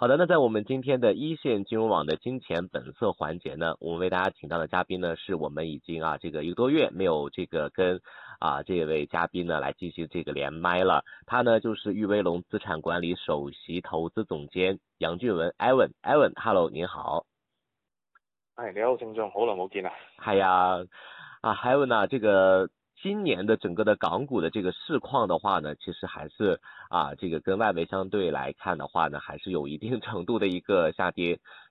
好的，那在我們今天的一線金融網的金錢本色環節呢，我們為大家請到的嘉賓呢，是我們已經啊，這個一個多月沒有這個跟啊這位嘉賓呢來進行這個連麥了。他呢就是裕威龍資產管理首席投資總監楊俊文，Evan，Evan，Hello，您好。哎，你好。係你好，鄭總，好耐冇見啦。係、哎、啊，啊 Evan 啊，這個。今年的整個的港股的這個市況的話呢，其實還是啊，這個跟外圍相對來看的話呢，還是有一定程度的一個下跌。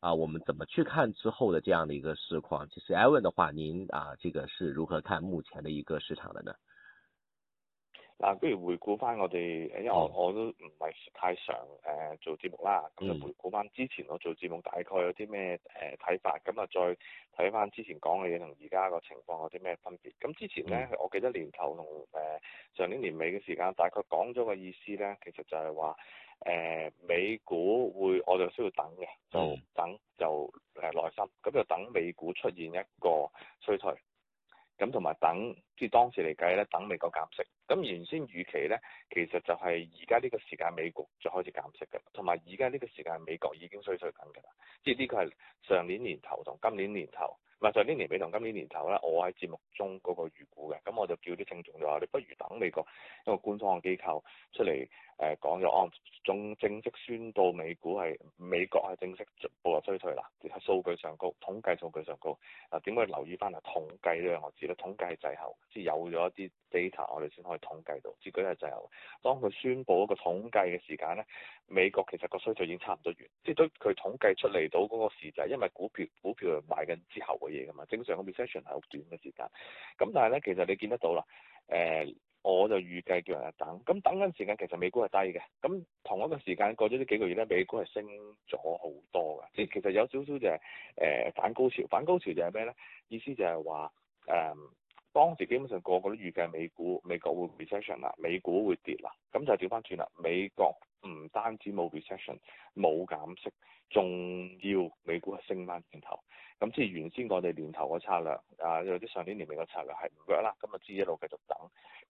啊，我們怎麼去看之後的這樣的一個市況？其實 Evan 的話，您啊，這個是如何看目前的一個市場的呢？嗱，不如回顧翻我哋，因為我我都唔係太常誒、呃、做節目啦，咁就回顧翻之前我做節目大概有啲咩誒睇法，咁啊再睇翻之前講嘅嘢同而家個情況有啲咩分別？咁之前咧，我記得年頭同誒、呃、上年年尾嘅時間，大概講咗個意思咧，其實就係話誒美股會，我就需要等嘅，就等就誒耐心，咁就等美股出現一個衰退，咁同埋等，即係當時嚟計咧，等美國減息。咁原先預期咧，其實就係而家呢個時間美國就開始減息嘅，同埋而家呢個時間美國已經衰退緊嘅啦。即係呢個係上年年頭同今年年頭，唔係上年年尾同今年年頭啦。我喺節目中嗰個預估嘅，咁我就叫啲聽眾就話：你不如等美國一個官方機構出嚟。誒、呃、講咗，按、啊、正正式宣佈美股係美國係正式步入衰退啦。數據上高，統計數據上高。啊，點解留意返係統計呢兩個字？我知啦，統計係滯後，即係有咗一啲 data 我哋先可以統計到。即係係滯後。當佢宣佈一個統計嘅時間咧，美國其實個衰退已經差唔多完。即係都佢統計出嚟到嗰個時陣，因為股票股票係買緊之後嘅嘢㗎嘛。正常個 recession 係好短嘅時間。咁但係咧，其實你見得到啦，誒、呃。我就預計叫人一等，咁等緊時間，其實美股係低嘅。咁同一個時間過咗呢幾個月咧，美股係升咗好多嘅，即其實有少少就係誒反高潮，反高潮就係咩咧？意思就係話誒當時基本上個個都預計美股美國會 recession 啦，美股會跌啦，咁就調翻轉啦，美國。唔單止冇 recession，冇減息，仲要美股係升翻年頭。咁即係原先我哋年頭嘅策略，啊有啲上年年尾嘅策略係唔弱啦。咁啊，知一路繼續等。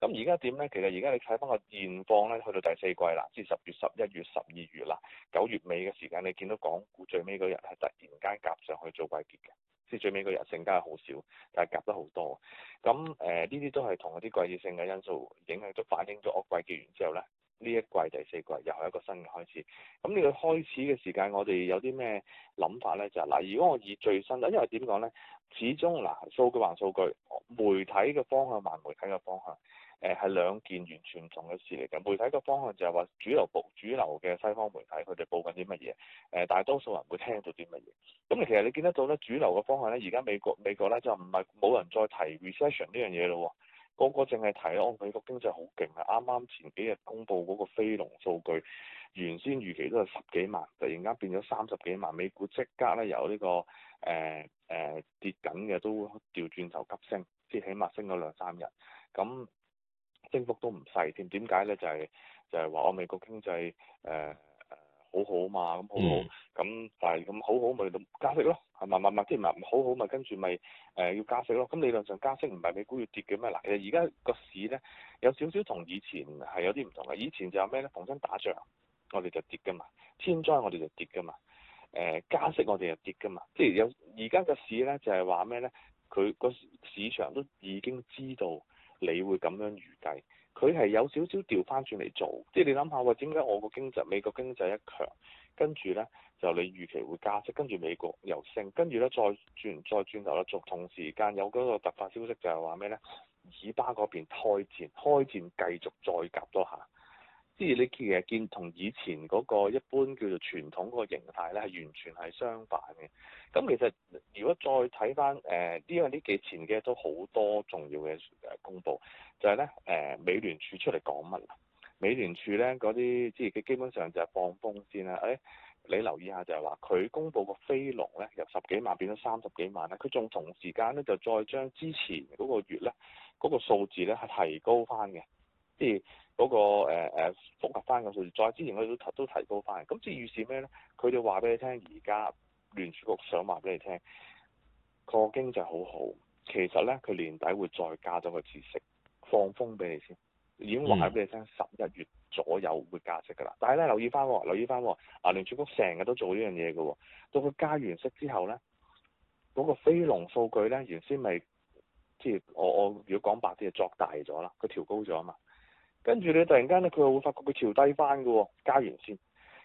咁而家點咧？其實而家你睇翻個現況咧，去到第四季啦，即係十月、十一月、十二月啦，九月尾嘅時間，你見到港股最尾嗰日係，突然間夾上去做季結嘅。即係最尾嗰日成交係好少，但係夾得好多。咁誒，呢、呃、啲都係同一啲季節性嘅因素影響咗，反映咗我季結完之後咧。呢一季第四季又係一個新嘅開始。咁呢個開始嘅時間，我哋有啲咩諗法呢？就係、是、嗱，如果我以最新，因為點講呢？始終嗱，數據還數據，媒體嘅方向還媒體嘅方向，誒、呃、係兩件完全唔同嘅事嚟嘅。媒體嘅方向就係話主流部，主流嘅西方媒體佢哋報緊啲乜嘢？誒、呃、大多數人會聽到啲乜嘢？咁其實你見得到呢主流嘅方向呢，而家美國美國咧就唔係冇人再提 recession 呢樣嘢嘞喎。個個淨係睇啊，美國經濟好勁啊！啱啱前幾日公布嗰個非農數據，原先預期都係十幾萬，突然間變咗三十幾萬，美股即刻咧由呢個誒誒、呃呃、跌緊嘅都調轉頭急升，即起碼升咗兩三日，咁升幅都唔細添。點解咧？就係、係、就係話啊，美國經濟誒。呃好好，嗯、好好啊嘛，咁好好，咁但係咁好好咪嚟到加息咯，係咪？咪咪，跟住咪好好咪跟住咪誒要加息咯。咁理論上加息唔係美股要跌嘅咩？嗱，而家個市咧有少少同以前係有啲唔同嘅。以前就有咩咧？逢親打仗，我哋就跌嘅嘛；天災我哋就跌嘅嘛；誒、呃、加息我哋就跌嘅嘛。即係有而家個市咧就係話咩咧？佢個市場都已經知道你會咁樣預計。佢係有少少調翻轉嚟做，即係你諗下喎，點解我個經濟美國經濟一強，跟住呢就你預期會加息，跟住美國又升，跟住呢再轉再轉頭啦，同時間有嗰個突發消息就係話咩呢？以巴嗰邊開戰，開戰繼續再夾多下。即係你其實見同以前嗰個一般叫做傳統嗰個形態咧，係完全係相反嘅。咁其實如果再睇翻誒，因為呢幾前嘅都好多重要嘅誒公佈，就係咧誒，美聯儲出嚟講乜啊？美聯儲咧嗰啲即係基本上就係放風先啦。誒、哎，你留意下就係話佢公佈個非農咧由十幾萬變咗三十幾萬啦。佢仲同時間咧就再將之前嗰個月咧嗰、嗰個數字咧係提高翻嘅。即係嗰個誒誒複合翻嘅數字，再之前佢都提都提高翻。咁即係預示咩咧？佢哋話俾你聽，而家聯儲局想話俾你聽個經濟好好，其實咧佢年底會再加咗個次息，放風俾你先。已經話俾你聽，十一、嗯、月左右會加息㗎啦。但係咧，留意翻、哦，留意翻啊、哦！聯儲局成日都做呢樣嘢㗎。到佢加完息之後咧，嗰、那個非農數據咧原先咪即係我我如果講白啲，就作大咗啦，佢調高咗啊嘛。跟住你突然間咧，佢又會發覺佢調低翻嘅、哦，加完先，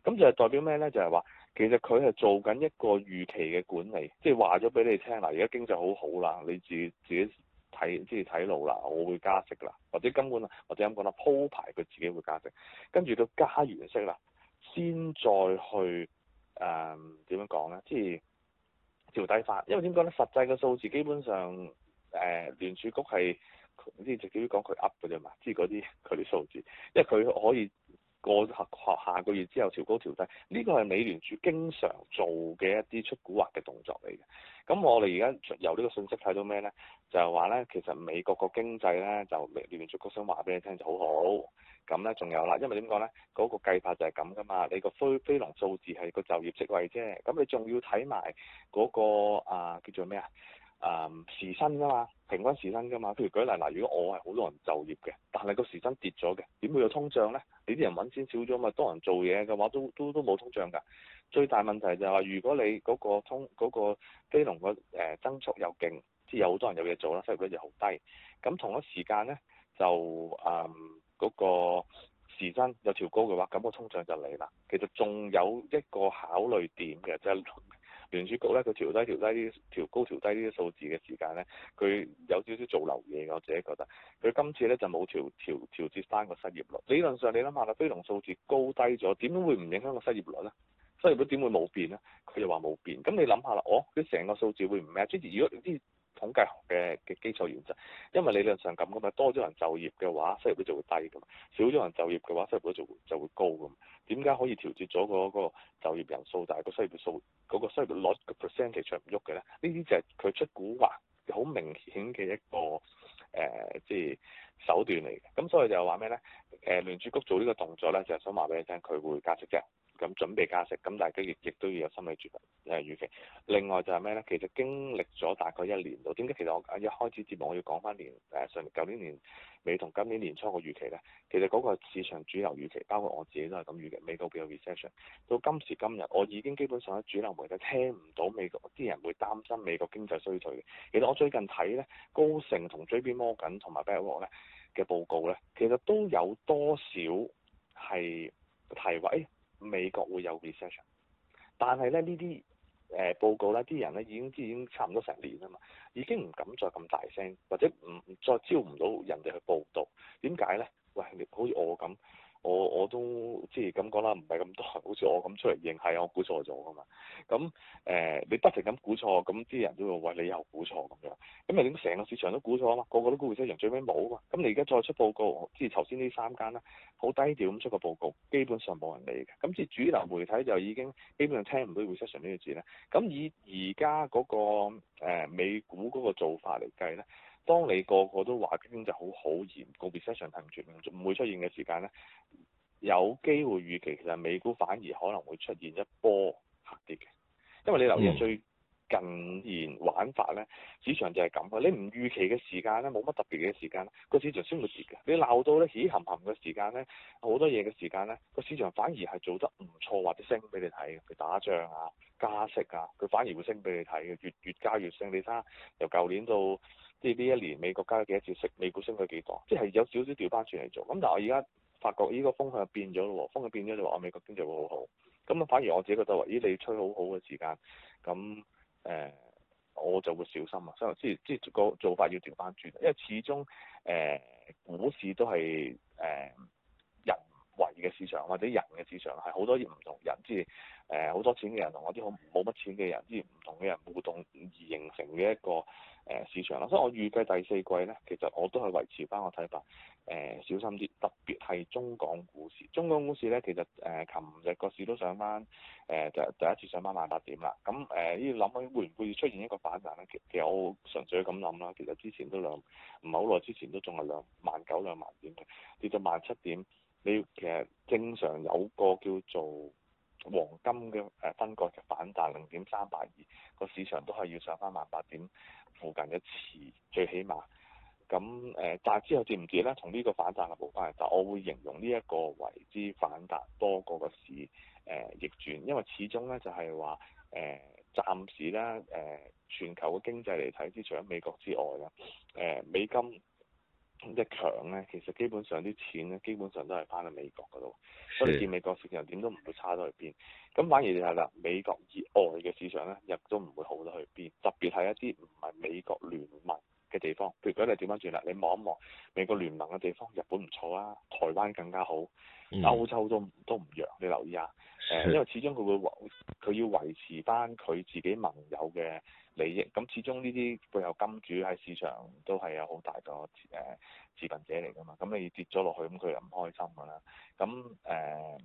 咁就係代表咩咧？就係、是、話其實佢係做緊一個預期嘅管理，即係話咗俾你聽啦。而家經濟好好啦，你自己自己睇，即係睇路啦。我會加息啦，或者根本或者咁講啦，鋪排佢自己會加息。跟住到加完息啦，先再去誒點、呃、樣講咧？即係調低翻，因為點講咧？實際嘅數字基本上誒聯儲局係。知直接啲講佢噏嘅啫嘛，知嗰啲佢啲數字，因為佢可以過下下個月之後調高調低，呢個係美聯儲經常做嘅一啲出古惑嘅動作嚟嘅。咁我哋而家由呢個信息睇到咩咧？就係話咧，其實美國個經濟咧就美聯儲局想話俾你聽就好好咁啦。仲有啦，因為點講咧？嗰、那個計法就係咁噶嘛。你個非非農數字係個就業職位啫。咁你仲要睇埋嗰個啊叫做咩啊？誒時薪噶嘛，平均時薪噶嘛。譬如舉例，嗱，如果我係好多人就業嘅，但係個時薪跌咗嘅，點會有通脹呢？你啲人揾錢少咗嘛，多人做嘢嘅話都，都都都冇通脹噶。最大問題就係話，如果你嗰個通嗰、那個基隆個誒增速又勁，即係有好多人有嘢做啦，收入比例又好低，咁同一時間呢，就誒嗰、嗯那個時薪有調高嘅話，咁、那個通脹就嚟喇。其實仲有一個考慮點嘅就係、是。聯儲局咧，佢調低調低啲，調高調低啲數字嘅時間咧，佢有少少做流嘢，我自己覺得。佢今次咧就冇調調調節返個失業率。理論上你諗下啦，非農數字高低咗，點樣會唔影響個失業率咧？失業率點會冇變咧？佢又話冇變。咁你諗下啦，哦，佢成個數字會唔咩？即係如果啲統計學嘅嘅基礎原則，因為理論上咁㗎嘛，多咗人就業嘅話，失業率就會低㗎嘛；少咗人就業嘅話，失業率就就會高㗎嘛。點解可以調節咗嗰個就業人數，但係個失業數嗰、那個失業率個 percent 其實唔喐嘅咧？呢啲就係佢出古話好明顯嘅一個誒，即、呃、係手段嚟嘅。咁、嗯、所以就話咩咧？誒聯儲局做呢個動作咧，就係、是、想話俾你聽，佢會加息嘅。咁準備加息，咁大家亦亦都要有心理準備、呃、預期。另外就係咩咧？其實經歷咗大概一年度，點解其實我一開始節目我要講翻年誒、呃、上年舊年年尾同今年年初個預期咧？其實嗰個市場主流預期，包括我自己都係咁預期美國會有 recession。到今時今日，我已經基本上喺主流媒體聽唔到美國啲人會擔心美國經濟衰退嘅。其實我最近睇咧高盛同 JPMorgan 同埋 Bank of 咧嘅報告咧，其實都有多少係提話誒。美國會有 recession 但係咧呢啲誒、呃、報告咧，啲人咧已經即係已經差唔多成年啊嘛，已經唔敢再咁大聲，或者唔再招唔到人哋去報道。點解咧？喂，你好似我咁。我我都即係咁講啦，唔係咁多，好似我咁出嚟認係，我估錯咗噶嘛。咁誒、呃，你不停咁估錯，咁啲人都會話你又估錯咁樣。咁咪點？成個市場都估錯啊嘛，個個都估會 recession，最尾冇啊嘛。咁你而家再出報告，即係頭先呢三間啦，好低調咁出個報告，基本上冇人理嘅。咁即係主流媒體就已經基本上聽唔到 recession 呢個字咧。咁以而家嗰個、呃、美股嗰個做法嚟計咧。當你個個都話經濟好好而個 recession 停住唔唔會出現嘅時間呢，有機會預期其實美股反而可能會出現一波下跌嘅。因為你留意最近年玩法呢，市場就係咁嘅。你唔預期嘅時間呢，冇乜特別嘅時間呢，個市場先會跌嘅。你鬧到呢起冚冚嘅時間呢，好多嘢嘅時間呢，個市場反而係做得唔錯或者升俾你睇嘅，佢打仗啊、加息啊，佢反而會升俾你睇嘅，越越加越升。你睇下由舊年到。呢一年美國加咗幾多次息？美股升咗幾多？即係有少少調翻轉嚟做。咁但係我而家發覺呢個風向變咗咯喎，風向變咗就話我美國經濟會好好。咁啊，反而我自己覺得話，咦，你吹好好嘅時間，咁誒、呃、我就會小心啊。所以即係即係個做法要調翻轉，因為始終誒、呃、股市都係誒。呃圍嘅市場或者人嘅市場，係好多啲唔同人，即係誒好多錢嘅人同我啲好冇乜錢嘅人，即係唔同嘅人互動而形成嘅一個誒、呃、市場啦。所以我預計第四季呢，其實我都係維持翻我睇法，誒、呃、小心啲，特別係中港股市。中港股市呢，其實誒琴日個市都上翻誒第第一次上翻萬八點啦。咁呢度諗起會唔會出現一個反彈呢？其實我純粹咁諗啦。其實之前都兩唔係好耐之前都仲係兩萬九兩萬點跌到萬七點。你其實正常有個叫做黃金嘅誒分割嘅反彈零點三八二，個市場都係要上返萬八點附近一次，最起碼咁誒、呃。但係之後跌唔跌咧？從呢個反彈嘅步法嚟講，我會形容呢一個為之反彈多過個市誒、呃、逆轉，因為始終咧就係話誒暫時咧誒、呃、全球嘅經濟嚟睇，之除咗美國之外啊誒、呃、美金。一強咧，其實基本上啲錢咧，基本上都係翻去美國嗰度，的所以美國市場點都唔會差到去邊，咁反而係啦，美國以外嘅市場咧，亦都唔會好得去邊，特別係一啲唔係美國聯盟嘅地方，譬如果你調翻轉啦，你望一望美國聯盟嘅地方，日本唔錯啊，台灣更加好，嗯、歐洲都都唔弱，你留意下，誒、呃，因為始終佢會維佢要維持翻佢自己盟友嘅利益，咁始終呢啲背後金主喺市場都係有好大個誒自憲、呃、者嚟㗎嘛，咁你跌咗落去，咁佢唔開心㗎啦，咁誒、呃，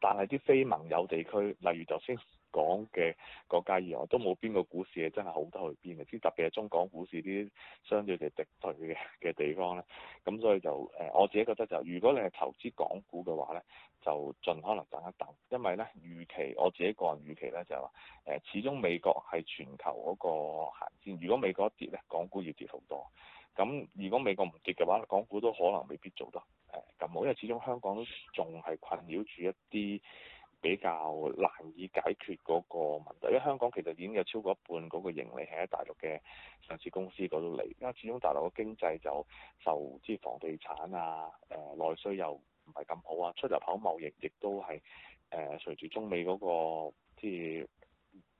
但係啲非盟友地區，例如就算。港嘅國家以外，都冇邊個股市係真係好得去邊嘅，只特別係中港股市啲相對地跌退嘅嘅地方咧。咁所以就誒、呃，我自己覺得就係、如果你係投資港股嘅話咧，就盡可能等一等。因為咧預期我自己個人預期咧就係話誒，始終美國係全球嗰個行先，如果美國一跌咧，港股要跌好多。咁如果美國唔跌嘅話，港股都可能未必做得誒咁好，因為始終香港仲係困擾住一啲。比較難以解決嗰個問題，因為香港其實已經有超過一半嗰個盈利係喺大陸嘅上市公司嗰度嚟，因為始終大陸嘅經濟就受即房地產啊、誒、呃、內需又唔係咁好啊，出入口貿易亦都係誒、呃、隨住中美嗰個即係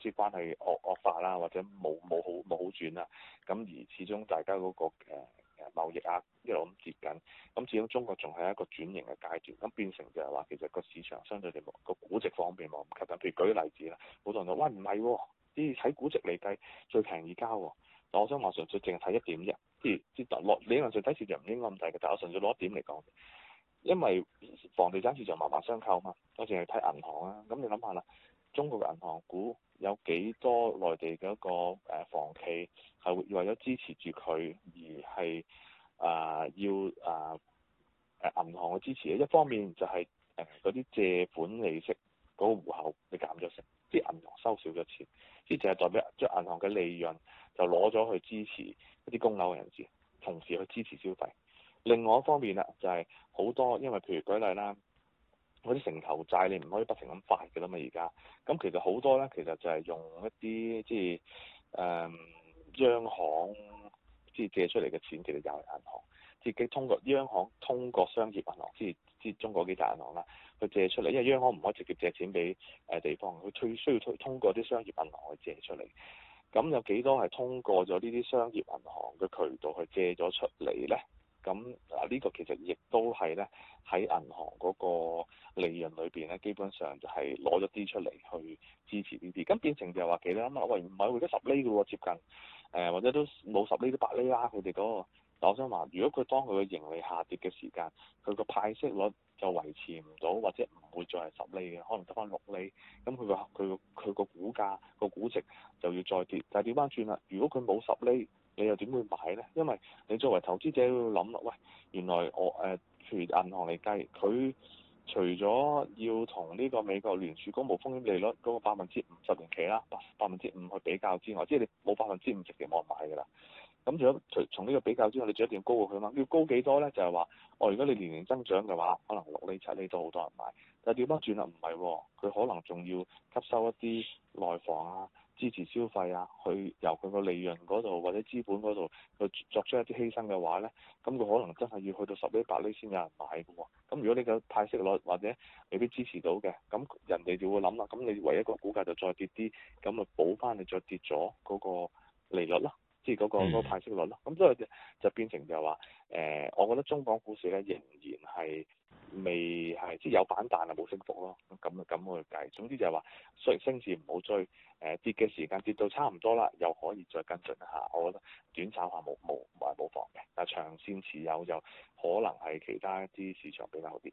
即係關係惡惡化啦、啊，或者冇冇好冇好轉啦、啊，咁而始終大家嗰個、呃貿易啊，一路咁跌緊，咁始終中國仲係一個轉型嘅階段，咁變成就係話其實個市場相對嚟講個估值方面冇咁吸引。譬如舉例子啦，好多人就話唔係，啲睇估值嚟計最平而家喎，但我想話純粹淨係睇一點啫，即係跌落落理論上底線就唔應該咁低嘅，但我純粹攞一點嚟講，因為房地產市場麻麻相扣嘛，我淨係睇銀行啊，咁你諗下啦。中國嘅銀行股有幾多內地嘅一個誒房企係會為咗支持住佢而係啊、呃、要啊誒、呃、銀行嘅支持？一方面就係誒嗰啲借款利息嗰個戶口你減咗息，即係銀行收少咗錢，即係淨係代表將銀行嘅利潤就攞咗去支持一啲供樓嘅人士，同時去支持消費。另外一方面啦，就係好多因為譬如舉例啦。嗰啲城投債你唔可以不停咁發㗎啦嘛，而家，咁其實好多咧，其實就係用一啲即係誒央行即係借出嚟嘅錢，其實又係銀行自己通過央行通過商業銀行，即係即係中國幾大銀行啦，去借出嚟，因為央行唔可以直接借錢俾誒、呃、地方，佢最需要通通過啲商業銀行去借出嚟。咁有幾多係通過咗呢啲商業銀行嘅渠道去借咗出嚟咧？咁嗱，呢個其實亦都係咧，喺銀行嗰個利潤裏邊咧，基本上就係攞咗啲出嚟去支持呢啲。咁變成就話，其他乜喂唔係，或者十厘嘅喎，接近誒、呃，或者都冇十厘，厘都八厘啦。佢哋嗰個，但我想話，如果佢當佢嘅盈利下跌嘅時間，佢個派息率就維持唔到，或者唔會再係十厘嘅，可能得翻六厘。咁佢個佢個佢個股價、個估值就要再跌，但係點翻轉啦。如果佢冇十厘。你又點會買呢？因為你作為投資者要諗啦，喂，原來我誒除銀行嚟計，佢除咗要同呢個美國聯儲公佈風險利率嗰個百分之五十年期啦，百分之五去比較之外，即係你冇百分之五，直情冇人買㗎啦。咁、嗯、除咗除從呢個比較之外，你仲一定要高過佢嘛！要高幾多呢？就係、是、話，哦，如果你年年增長嘅話，可能六厘七厘都好多人買。但係點樣轉啊，唔係喎，佢可能仲要吸收一啲內房啊。支持消費啊，去由佢個利潤嗰度或者資本嗰度去作出一啲犧牲嘅話呢，咁佢可能真係要去到十釐八釐先有人買㗎喎。咁如果你嘅派息率或者未必支持到嘅，咁人哋就會諗啦。咁你唯一個股價就再跌啲，咁咪補翻你再跌咗嗰個利率咯。即係嗰個派息率咯，咁所以就變成就話，誒、呃，我覺得中港股市咧仍然係未係，即係有反彈啊，冇升幅咯，咁啊咁去計。總之就係話，雖然升市唔好追，誒、呃、跌嘅時間跌到差唔多啦，又可以再跟進一下。我覺得短炒下冇冇唔係冇妨嘅，但係長線持有就可能係其他啲市場比較好啲。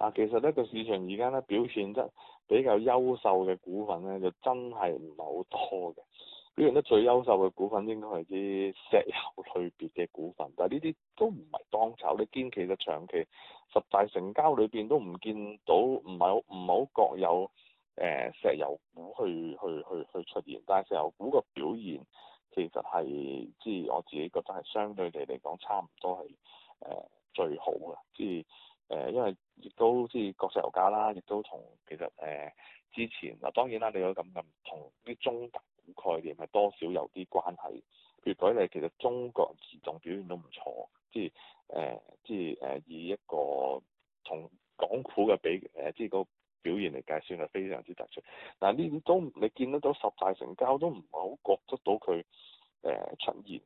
嗱、啊，其實呢個市場而家咧表現得比較優秀嘅股份咧，就真係唔係好多嘅。表現得最優秀嘅股份應該係啲石油類別嘅股份，但係呢啲都唔係當炒。你堅其實長期十大成交裏邊都唔見到，唔好唔好各有誒、呃、石油股去去去去出現。但係石油股嘅表現其實係，即係我自己覺得係相對地嚟講差唔多係誒、呃、最好嘅，即係。誒，因為亦都即係國際油價啦，亦都同其實誒、呃、之前嗱，當然啦，你有咁嘅同啲中特概念係多少有啲關係。譬如舉例，其實中國移動表現都唔錯，即係誒、呃，即係誒、呃、以一個同港股嘅比誒、呃，即係個表現嚟計算係非常之突出。但係，呢啲都你見得到十大成交都唔係好覺得到佢誒出現。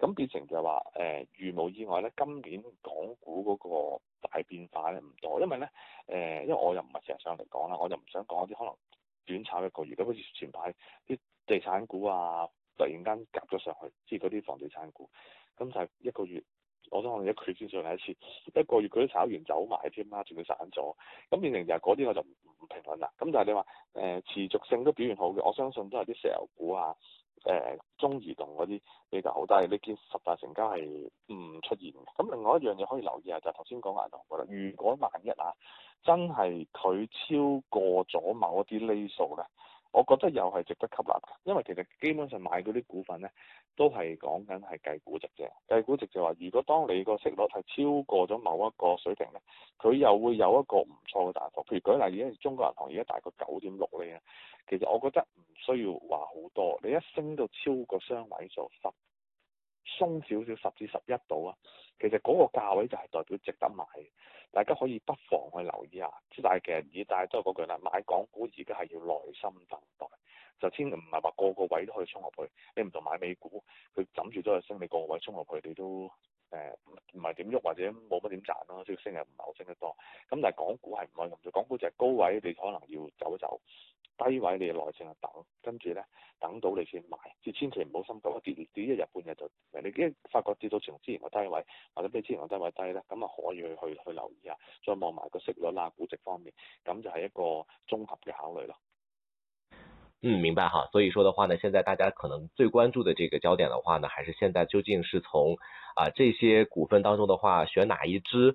咁變成就係話，誒、呃，如無意外咧，今年港股嗰個大變化咧唔多，因為咧，誒、呃，因為我又唔係成日上嚟講啦，我就唔想講啲可能短炒一個月，咁好似前排啲地產股啊，突然間夾咗上去，即係嗰啲房地產股，咁就係一個月，我都可能一佢先上嚟一次，一個月佢都炒完走埋添啦，全部散咗。咁變成就係嗰啲我就唔評論啦。咁但係你話，誒、呃，持續性都表現好嘅，我相信都係啲石油股啊。誒、呃、中移動嗰啲比較好，但係你見十大成交係唔出現嘅。咁另外一樣嘢可以留意下，就係頭先講銀行嘅啦。如果萬一啊，真係佢超過咗某一啲厘數咧，我覺得又係值得吸納嘅，因為其實基本上買嗰啲股份呢，都係講緊係計估值啫。計估值就話，如果當你個息率係超過咗某一個水平呢，佢又會有一個唔錯嘅大幅。譬如舉例，而家中國銀行而家大概九點六厘，其實我覺得唔需要話好多。你一升到超過雙位數十，鬆少少十至十一度啊，其實嗰個價位就係代表值得買。大家可以不妨去留意下，即係但其實而家都係嗰句啦，買港股而家係要耐心等待。就千萬唔係話個個位都可以衝落去，你唔同買美股，佢枕住都係升，你個個位衝落去你都誒唔係點喐或者冇乜點賺咯，即係升又唔係好升得多。咁但係港股係唔可以咁做，港股淨係高位你可能要走一走。低位你嘅耐性就等，跟住咧，等到你先買，即千祈唔好心急啊！跌跌，跌一日半日就，你一發覺跌到前之前個低位，或者比之前個低位低咧，咁啊可以去去去留意下，再望埋個息率啦、估值方面，咁就係一個綜合嘅考慮咯。嗯，明白哈。所以話嘅話呢，現在大家可能最關注嘅這個焦點嘅話呢，還是現在究竟是從啊、呃、這些股份當中嘅話，選哪一支？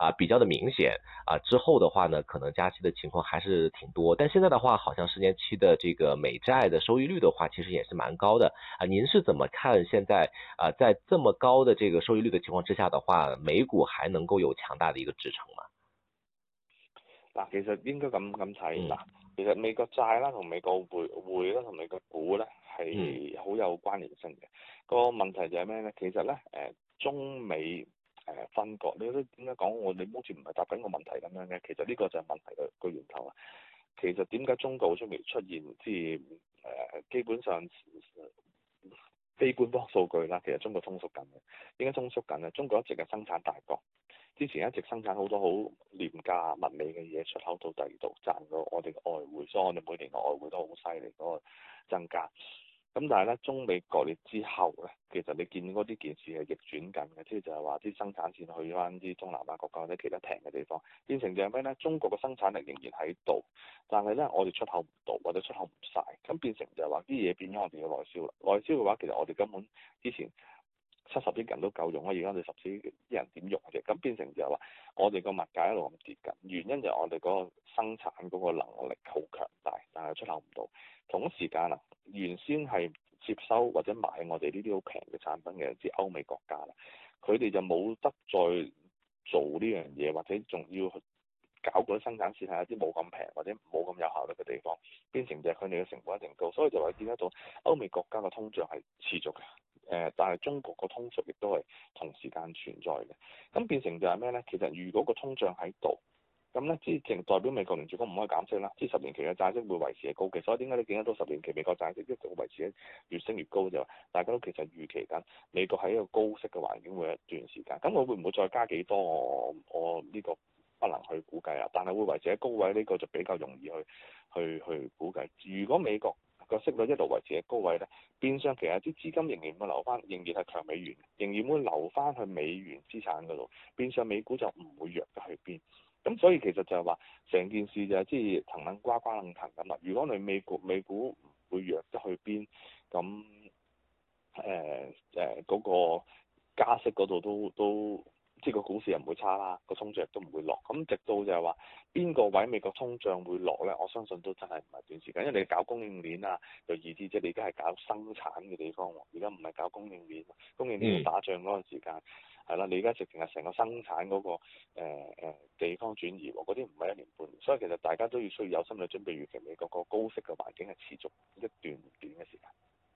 啊，比較的明顯啊，之後的話呢，可能加息的情況還是挺多，但現在的話，好像十年期的這個美債的收益率的話，其實也是蠻高的啊。您是怎麼看現在啊，在這麼高的這個收益率的情況之下的話，美股還能夠有強大的一個支撐嗎？嗱，其實應該咁咁睇，嗱，其實美國債啦同美國匯匯啦同美國股咧係好有關聯性嘅。嗯、個問題就係咩咧？其實咧，誒、呃，中美。誒分割，你都點解講我哋好似唔係答緊個問題咁樣嘅？其實呢個就係問題嘅個源頭啊！其實點解中國仲未出現，即係誒基本上非官方數據啦。其實中國通縮緊嘅，點解通縮緊咧？中國一直係生產大國，之前一直生產好多好廉價物美嘅嘢，出口到第二度賺到我哋外匯，所以我哋每年外匯都好犀利嗰個增加。咁但係咧，中美割裂之後咧，其實你見到啲件事係逆轉緊嘅，即係就係話啲生產線去翻啲中南亞國家或者其他平嘅地方，變成就係咩咧？中國嘅生產力仍然喺度，但係咧，我哋出口唔到或者出口唔晒。咁變成就係話啲嘢變咗我哋嘅內銷啦。內銷嘅話，其實我哋根本之前七十億人都夠用啦，而家你十幾億啲人點用嘅？咁變成就係話我哋個物價一路咁跌緊，原因就係我哋嗰個生產嗰個能力好強。出口唔到，同時間啊，原先係接收或者買我哋呢啲好平嘅產品嘅，一啲、就是、歐美國家啦，佢哋就冇得再做呢樣嘢，或者仲要去搞嗰啲生產線，係一啲冇咁平或者冇咁有效率嘅地方，變成就係佢哋嘅成本一定高，所以就話見得到歐美國家嘅通脹係持續嘅，誒、呃，但係中國個通縮亦都係同時間存在嘅，咁變成就係咩呢？其實如果個通脹喺度。咁呢之前代表美國聯儲局唔可以減息啦，即係十年期嘅債息會維持係高嘅。所以點解你見得到十年期美國債息一直維持喺越升越高，就大家都其實預期緊美國喺一個高息嘅環境會有一段時間。咁我會唔會再加幾多我？我我呢個不能去估計啊。但係會維持喺高位呢個就比較容易去去去估計。如果美國個息率一度維持喺高位呢，變相其實啲資金仍然會留翻，仍然係強美元，仍然會留翻去美元資產嗰度，變相美股就唔會弱得去邊。咁、嗯、所以其實就係話，成件事就係即係騰楞瓜瓜楞騰咁啦。如果你美股，美股唔會弱得去邊，咁誒誒嗰個加息嗰度都都。都即係個股市又唔會差啦，個通脹都唔會落。咁直到就係話邊個位美國通脹會落咧？我相信都真係唔係短時間，因為你搞供應鏈啊，又以至即你而家係搞生產嘅地方喎。而家唔係搞供應鏈，供應鏈打仗嗰個時間係啦。你而家直情係成個生產嗰、嗰個誒、呃呃、地方轉移喎，嗰啲唔係一年半年，所以其實大家都要需要有心理準備，預期美國個高息嘅環境係持續一段短嘅時間。